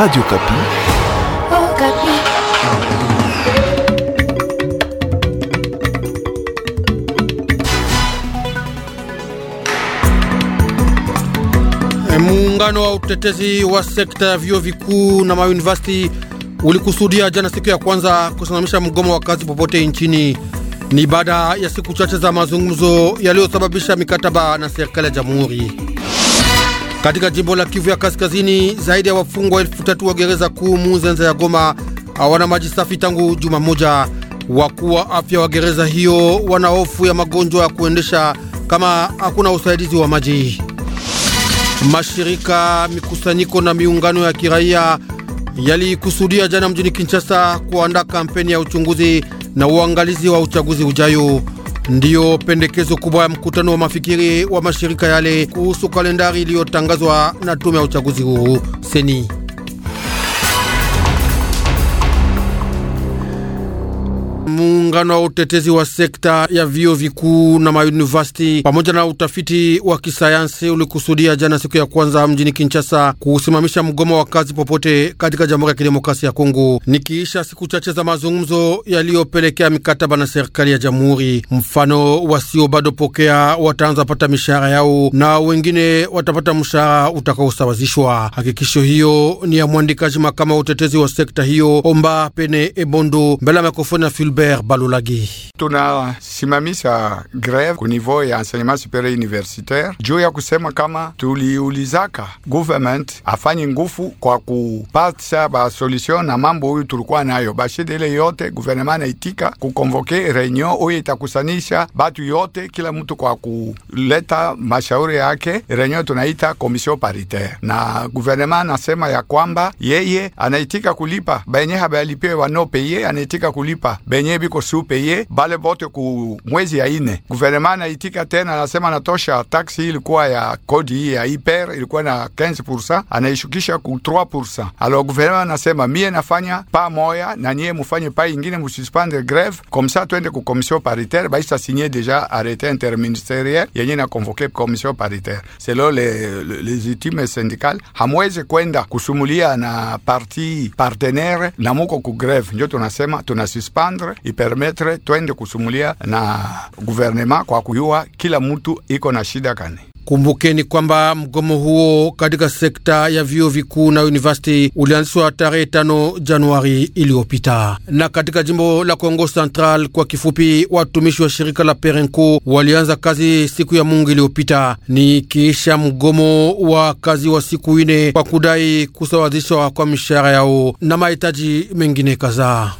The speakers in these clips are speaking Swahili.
Radio Kapi. Oh, Kapi. Eh, muungano wa utetezi wa sekta ya vyuo vikuu na mauniversity ulikusudia jana siku ya kwanza kusimamisha mgomo wa kazi popote nchini. Ni baada ya siku chache za mazungumzo yaliyosababisha mikataba na serikali ya Jamhuri. Katika jimbo la Kivu ya Kaskazini, zaidi ya wafungwa elfu tatu wa gereza kuu Muzenza ya Goma hawana maji safi tangu juma moja. Wakuu wa afya wa gereza hiyo wana hofu ya magonjwa ya kuendesha kama hakuna usaidizi wa maji. Mashirika, mikusanyiko na miungano ya kiraia yalikusudia jana mjini Kinshasa kuandaa kampeni ya uchunguzi na uangalizi wa uchaguzi ujayo. Ndiyo pendekezo kubwa ya mkutano wa mafikiri wa mashirika yale kuhusu kalendari iliyotangazwa na tume ya uchaguzi huru seni. muungano wa utetezi wa sekta ya vyuo vikuu na mayunivesiti pamoja na utafiti wa kisayansi ulikusudia jana siku ya kwanza mjini Kinshasa kusimamisha mgomo wa kazi popote katika Jamhuri ya Kidemokrasia ya Kongo, nikiisha siku chache za mazungumzo yaliyopelekea mikataba na serikali ya jamhuri. Mfano, wasio bado pokea wataanza pata mishahara yao na wengine watapata mshahara utakaosawazishwa. Hakikisho hiyo ni ya mwandikaji makama wa utetezi wa sekta hiyo Omba Pene Ebondo mbele ya mikrofoni ya Filbe Robert Balolage. Tunasimamisha greve ku niveau ya enseignement supérieur universitaire juu ya kusema kama tuliulizaka government afanye ngufu kwa kupata ba solution na mambo huyu tulikuwa nayo bashida ile yote, gouvernement naitika kukonvoke reunion huyu itakusanisha batu yote, kila mtu kwa kuleta mashauri yake. Reunion tunaita commission paritaire, na gouvernement nasema ya kwamba yeye anaitika kulipa benye habayalipiwe wanopeye, anaitika kulipa benye venye biko siupe ye bale bote ku mwezi ya ine. na naitika tena, anasema natosha taxi ilikuwa ya kodi ya iper ilikuwa na 15% anaishukisha ku 3%. Alors guvernement anasema mie nafanya pa moya na niye mufanye pa ingine, musispande greve ça twende ku commission paritaire, isa signé deja arrêté interministériel yenye na convoqué commission paritaire selon les le, les ultimes syndicale hamwezi kwenda kusumulia na parti partenaire na muko ku greve, ndio tunasema tunasuspendre ipermetre twende kusumulia na guvernema kwa kuyua kila mtu iko na shida kani. Kumbukeni kwamba mgomo huo katika sekta ya vyuo vikuu na university ulianzishwa tarehe tano Januari iliyopita. Na katika jimbo la Kongo Central, kwa kifupi, watumishi wa shirika la Perenco walianza kazi siku ya Mungu iliyopita, ni kiisha mgomo wa kazi wa siku ine kwa kudai kusawazishwa kwa mishahara yao na mahitaji mengine kadhaa.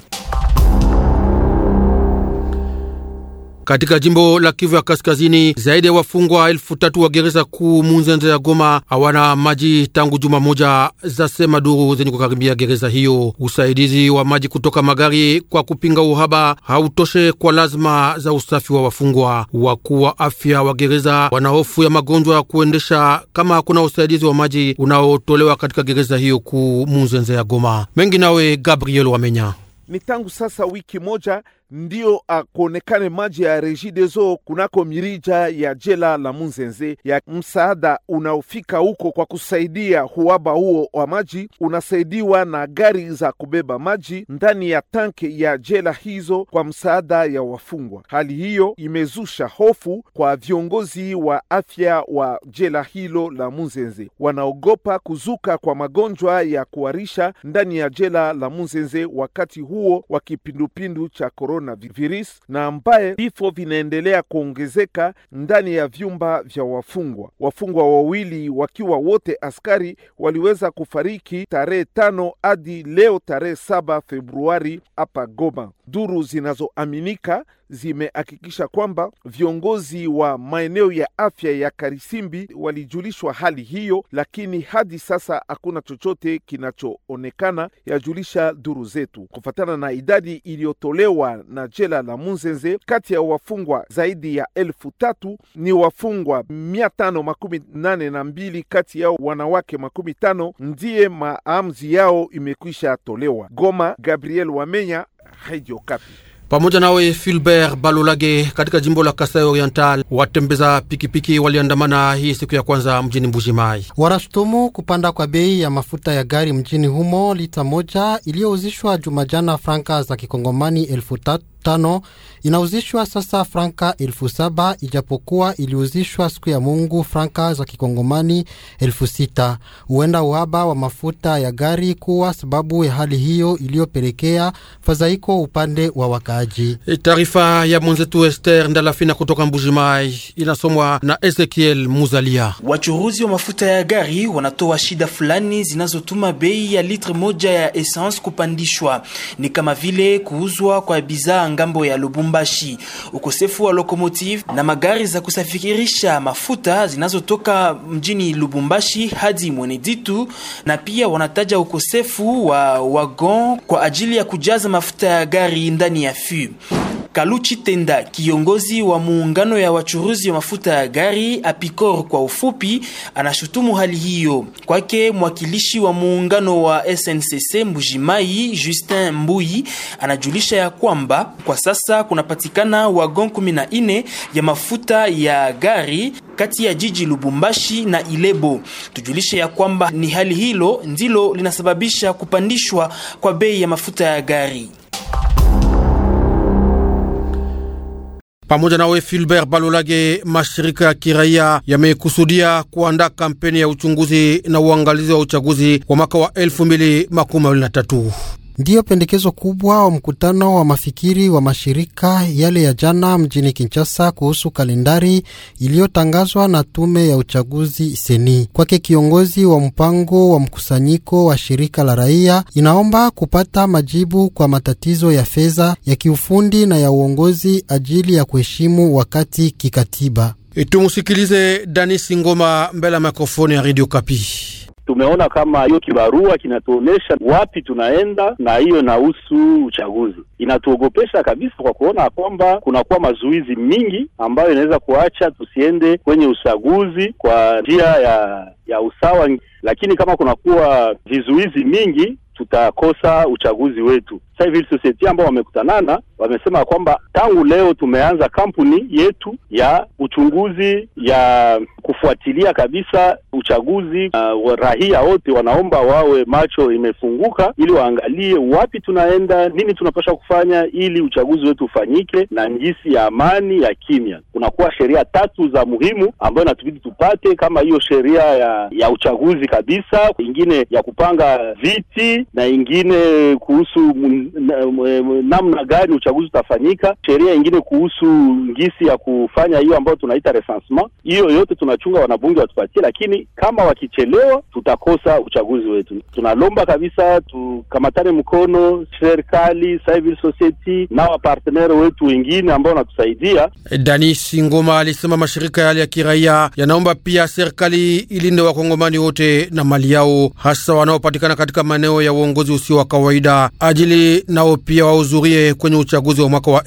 Katika jimbo la Kivu ya Kaskazini, zaidi ya wafungwa elfu tatu wa gereza kuu Munzenze ya Goma hawana maji tangu juma moja, zasema duru zenye kukaribia gereza hiyo. Usaidizi wa maji kutoka magari kwa kupinga uhaba hautoshe kwa lazima za usafi wa wafungwa. Wakuu wa afya wa gereza wana hofu ya magonjwa ya kuendesha kama hakuna usaidizi wa maji unaotolewa katika gereza hiyo kuu Munzenze ya Goma. Mengi nawe Gabriel Wamenya. Ni tangu sasa wiki moja ndiyo akuonekane ah, maji ya Regideso kunako mirija ya jela la Munzenze. Ya msaada unaofika huko kwa kusaidia huaba huo wa maji unasaidiwa na gari za kubeba maji ndani ya tanke ya jela hizo kwa msaada ya wafungwa. Hali hiyo imezusha hofu kwa viongozi wa afya wa jela hilo la Munzenze, wanaogopa kuzuka kwa magonjwa ya kuharisha ndani ya jela la Munzenze wakati huo wa kipindupindu cha korona coronavirus na ambaye vifo vinaendelea kuongezeka ndani ya vyumba vya wafungwa. Wafungwa wawili wakiwa wote askari waliweza kufariki tarehe tano hadi leo tarehe saba Februari hapa Goma. Duru zinazoaminika zimehakikisha kwamba viongozi wa maeneo ya afya ya Karisimbi walijulishwa hali hiyo, lakini hadi sasa hakuna chochote kinachoonekana, yajulisha duru zetu. Kufatana na idadi iliyotolewa na jela la Munzenze, kati ya wafungwa zaidi ya elfu tatu ni wafungwa mia tano makumi nane na mbili kati yao wanawake makumi tano ndiye maamuzi yao imekwisha tolewa. Goma, Gabriel Wamenya, Radio Okapi pamoja nawe Filbert Balolage katika jimbo la Kasai Oriental. Watembeza pikipiki waliandamana hii siku ya kwanza mjini Mbujimai, warashutumu kupanda kwa bei ya mafuta ya gari mjini humo, lita moja iliyouzishwa jumajana franka za kikongomani elfu tatu tano inauzishwa sasa franka elfu saba ijapokuwa iliuzishwa siku ya Mungu franka za kikongomani elfu sita. Huenda uhaba wa mafuta ya gari kuwa sababu ya hali hiyo iliyopelekea fadhaiko upande wa wakaaji. E, taarifa ya mwenzetu Ester Ndalafina kutoka Mbujimai inasomwa na Ezekiel Muzalia. Wachuruzi wa mafuta ya gari wanatoa shida fulani zinazotuma bei ya litre moja ya essence kupandishwa, ni kama vile kuuzwa kwa bidhaa ngambo ya Lubumbashi. Ukosefu wa lokomotive na magari za kusafirisha mafuta zinazotoka mjini Lubumbashi hadi Mweneditu, na pia wanataja ukosefu wa wagon kwa ajili ya kujaza mafuta ya gari ndani ya FU. Kaluchi Tenda, kiongozi wa muungano ya wachuruzi wa mafuta ya gari Apicor kwa ufupi, anashutumu hali hiyo. Kwake mwakilishi wa muungano wa SNCC Mbujimai Justin mbui anajulisha ya kwamba kwa sasa kunapatikana wagon 14 ya mafuta ya gari kati ya jiji Lubumbashi na Ilebo. Tujulishe ya kwamba ni hali hilo ndilo linasababisha kupandishwa kwa bei ya mafuta ya gari. pamoja nawe Filbert Balolage, mashirika ya kiraia yamekusudia kuandaa kampeni ya uchunguzi na uangalizi wa uchaguzi wa mwaka wa 2023 ndiyo pendekezo kubwa wa mkutano wa mafikiri wa mashirika yale ya jana mjini Kinshasa kuhusu kalendari iliyotangazwa na tume ya uchaguzi seni. Kwake kiongozi wa mpango wa mkusanyiko wa shirika la raia, inaomba kupata majibu kwa matatizo ya fedha, ya kiufundi na ya uongozi ajili ya kuheshimu wakati kikatiba. Tumusikilize Danis Ngoma mbele ya mikrofoni ya Radio Kapi tumeona kama hiyo kibarua kinatuonesha wapi tunaenda, na hiyo inahusu uchaguzi. Inatuogopesha kabisa kwa kuona kwamba kunakuwa mazuizi mingi ambayo inaweza kuacha tusiende kwenye uchaguzi kwa njia ya ya usawa, lakini kama kunakuwa vizuizi mingi tutakosa uchaguzi wetu sasa hivi society ambao wamekutanana wamesema kwamba tangu leo tumeanza kampuni yetu ya uchunguzi ya kufuatilia kabisa uchaguzi. Uh, rahia wote wanaomba wawe macho imefunguka, ili waangalie wapi tunaenda, nini tunapasha kufanya ili uchaguzi wetu ufanyike na njisi ya amani ya kimya. Kunakuwa sheria tatu za muhimu ambayo inatubidi tupate, kama hiyo sheria ya, ya uchaguzi kabisa, ingine ya kupanga viti na ingine kuhusu namna gani uchaguzi utafanyika, sheria ingine kuhusu ngisi ya kufanya hiyo ambayo tunaita recensement. Hiyo yote tunachunga, wanabunge watupatie, lakini kama wakichelewa, tutakosa uchaguzi wetu. Tunalomba kabisa tukamatane mkono, serikali, civil society na wapartenere wetu wengine ambao wanatusaidia. Danis Ngoma alisema mashirika yale ya kiraia yanaomba pia serikali ilinde wakongomani wote na mali yao, hasa wanaopatikana katika maeneo ya uongozi usio wa kawaida ajili nao pia wahudhurie kwenye uchaguzi wa mwaka wa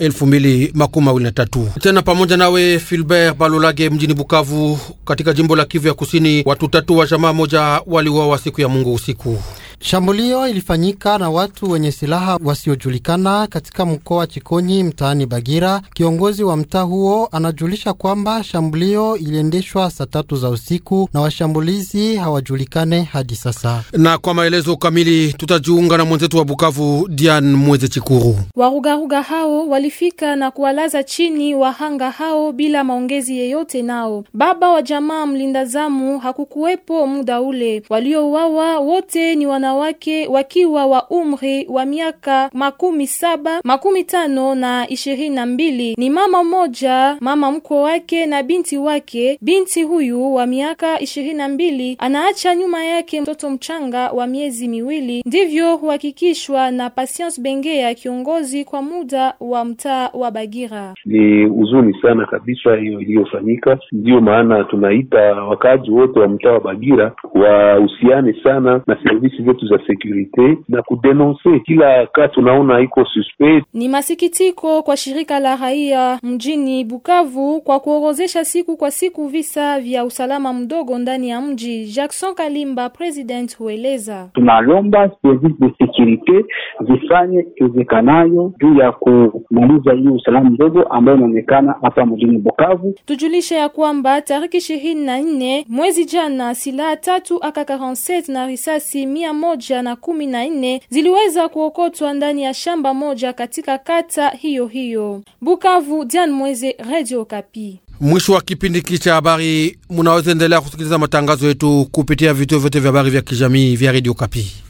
tatu. Tena pamoja nawe Filbert Balolage mjini Bukavu katika jimbo la Kivu ya Kusini, watu tatu wa jamaa moja waliuawa siku ya Mungu usiku. Shambulio ilifanyika na watu wenye silaha wasiojulikana katika mkoa Chikonyi mtaani Bagira. Kiongozi wa mtaa huo anajulisha kwamba shambulio iliendeshwa saa tatu za usiku na washambulizi hawajulikane hadi sasa. Na kwa maelezo kamili tutajiunga na mwenzetu wa Bukavu Dian Mweze Chikuru. Warugaruga hao walifika na kuwalaza chini wahanga hao bila maongezi yeyote nao. Baba wa jamaa mlinda zamu hakukuwepo muda ule. Waliouawa wote ni wana wanawake wakiwa wa umri wa miaka makumi saba makumi tano na ishirini na mbili ni mama mmoja mama mkwe wake na binti wake binti huyu wa miaka ishirini na mbili anaacha nyuma yake mtoto mchanga wa miezi miwili ndivyo huhakikishwa na Patience Bengea kiongozi kwa muda wa mtaa wa Bagira ni huzuni sana kabisa hiyo iliyofanyika ndiyo maana tunaita wakaaji wote wa mtaa wa Bagira wahusiane sana na servisi zetu za sekurite na kudenonse kila ka tunaona iko suspect. Ni masikitiko kwa shirika la raia mjini Bukavu kwa kuorozesha siku kwa siku visa vya usalama mdogo ndani ya mji. Jackson Kalimba, president, hueleza tunalomba service de sekurite zifanye iwezekanayo juu ya kumaliza hiyo usalama mdogo ambayo inaonekana hapa mjini Bukavu. Tujulishe ya kwamba tariki ishirini na nne mwezi jana silaha tatu AK47 na risasi mia moja na kumi na nne ziliweza kuokotwa ndani ya shamba moja katika kata hiyo hiyo. Bukavu, Dian Mweze, Radio Kapi. Mwisho wa kipindi hiki cha habari, munaweza endelea kusikiliza matangazo yetu kupitia vituo vyote vya habari vya kijamii vya Radio Kapi.